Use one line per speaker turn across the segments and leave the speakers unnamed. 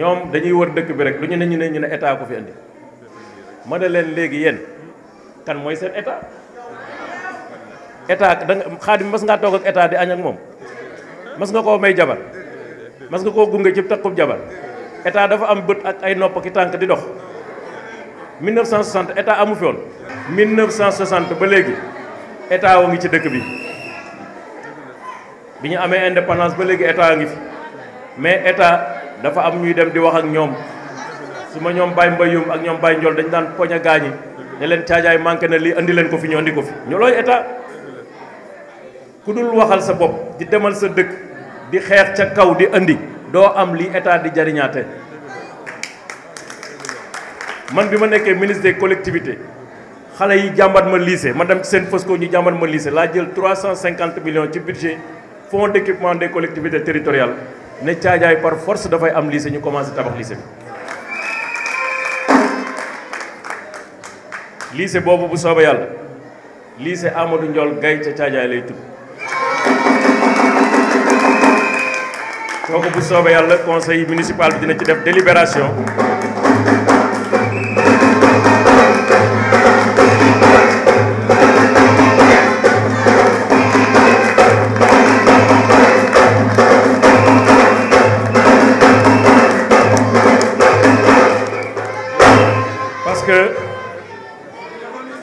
ñom dañuy wër dëkk bi rek lu ñu ne ñu ne ñu ne état ko fi andi ma da leen légui yeen kan moy seen état état da nga mas nga tok ak état di añ ak mom mas nga ko may jabar mas nga ko gunge ci takku jabar état dafa am bët ak ay nopp ki tank di dox 1960 état amu fi won 1960 ba légui état wo ngi ci dëkk bi biñu amé indépendance ba légui état nga fi mais état dafa am ñuy dem di wax ak ñom suma ñom bay mbayum ak ñom bay Ndiol dañ daan poña gañi ne len tiajay manke na li andi len ko fi ñu andi ko fi ñu loy état ku dul waxal sa bop di demal sa dekk di xex ca kaw di andi do am li état di jariñaate man bima nekké ministre des collectivités xalé yi jambat ma lycée ma dem ci sen fosco ñu jambat ma lycée la jël 350 millions ci budget fonds d'équipement des collectivités territoriales ne caajaay par force dafay am lycée ñu commencé tabax lycée bi lycée boobu bu soobee yàlla lycée Amadou njool Gaye ca caajaay lay tudd kooku bu soobee yàlla conseil municipal bi dina ci def délibération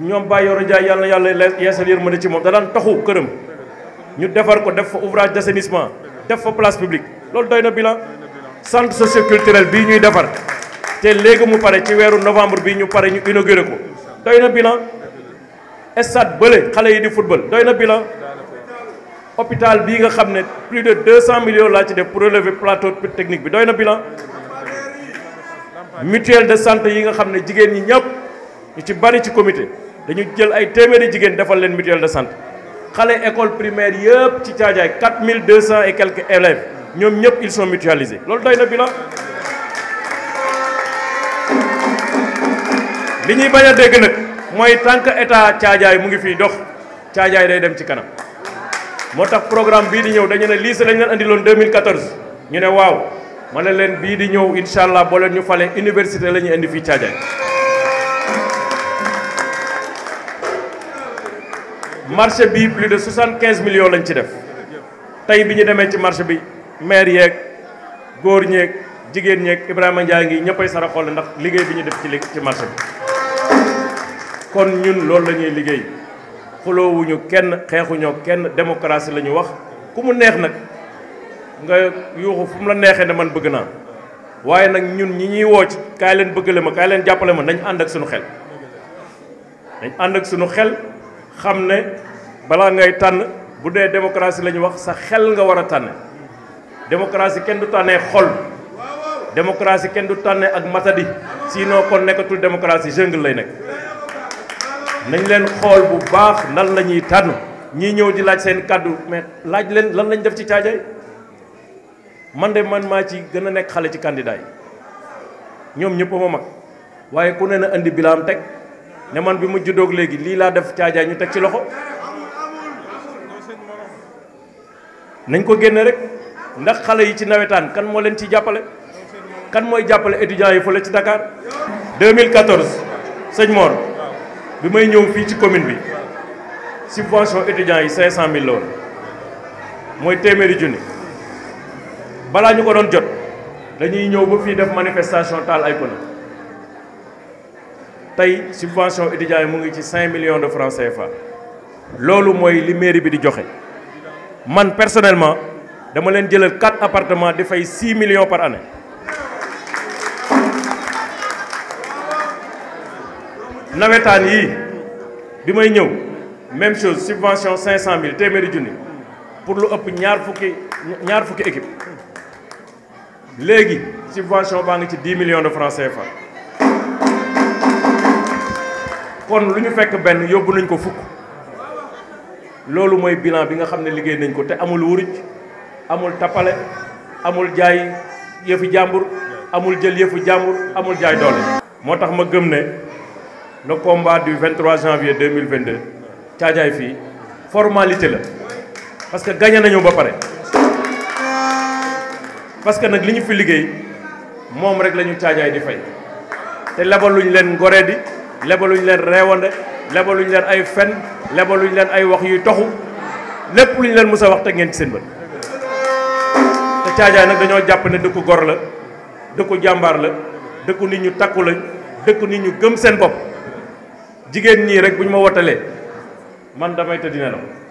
ñoom Baye Yoro Ndiaye yàlla na yàlla yeesal yërmande ci moom da daan taxu këram ñu defar ko def fa ouvrage d' assainissement def fa place publique loolu doy na bilan centre socioculturel bii ñuy defar te léegi mu pare ci weeru novembre bi ñu pare ñu inauguré ko doy na bilan stade bële xale yi di football doy na bilan hôpital bii nga xam ne plus de 200 millions laa ci def pour relever plateau technique bi doy na bilan mutuel de santé yi nga xam ne jigéen ñi ñëpp. ñi ci bari ci comité dañu jël ay téméré jigen defal leen mutuel de santé xalé école primaire yépp ci tiajay 4200 et quelques élèves ñom ñëpp ils sont mutualisés lolou doyna na bilan li ñi baña dégg nak moy tank état tiajay mu ngi fi dox tiajay day dem ci kanam motax programme bi di ñëw dañu né li ci lañu andi lon 2014 ñu né waw mané ne bi di ñëw inshallah bo boo ñu falé université lañu andi fi tiajay marché bi plus de 75 millions lañ ci def tay biñu démé ci marché bi maire yek gor ñek jigen ñek Ibrahima Ndiaye ngi sara xol ndax liggéey biñu def ci ci marché kon ñun loolu lañuy liggéey liggéey wuñu kenn ñoo kenn démocratie lañu wax ku mu neex nak nga yuuxu fu mu la neexé ne man bëgg na waye nak ñun ñi ñi wo ci kay leen le ma kay leen jappalé ma nañ and ak suñu xel nañ and ak suñu xel xam ne balaa ngay tànn bu dee démocratie la ñu wax sa xel nga war a tànn démocratie kenn du tànnee xol démocratie kenn du tànne ak matadi sinon kon nekkatul démocratie jungle lay nekk nañ leen xool bu baax nan la ñuy tànn ñii ñëw di laaj seen kàddu mais laaj leen lan lañ def ci caajaay man de man maa ci gën a nekk xale ci candidat yi ñoom ñëpp ma mag waaye ku ne na indi bilaam teg ne man bi mu juddoog léegi lii laa def caajaay ñu teg ci loxo nañ ko génne rek ndax xale yi ci nawetaan kan moo leen ci jàppale kan mooy jàppale étudiants yi fële ci Dakar 2014 sëñ Mor bi may ñëw fii ci commune bi subvention étudiants yi 500000 la woon mooy téeméeri junni balaa ñu ko doon jot dañuy ñëw ba fii def manifestation taal ay pneu la subvention est mu ngi 5 millions de francs CFA lolu moy li mairie bi di joxe man personnellement dama len jëlal 4 appartements de 6 millions par année La yi bi may ñew même chose subvention 500 000 téméri juni pour lu upp ñaar fukki ñaar fukki équipe la subvention est de 10 millions de francs CFA kon lu ñu fekk benn yóbbu nañ ko fukk loolu mooy bilan bi nga xam ne liggéey nañ ko te amul wuruj amul tappale amul jaay yëfu jàmbur amul jël yëfu jàmbur amul jaay doole. moo tax ma gëm ne le combat du 23 janvier 2022 caajaay fii formalité la parce que gagné nañu ba pare parce que nag li ñu fi liggéey moom rek la caajaay di fay te lebaluñ leen ngoree di. lebaluñ leen reewande lebaluñ leen ay fen lebaluñ leen ay wax yuy toxu lépp luñ leen mës a wax te ngeen ci seen bët te caajaay nag dañoo jàpp ne dëkku gor la dëkku jàmbaar la dëkku nit ñu takku lañ dëkku nit ñu gëm seen bopp jigéen ñii rek bu ñu ma wotalee man damay tëdd nelaw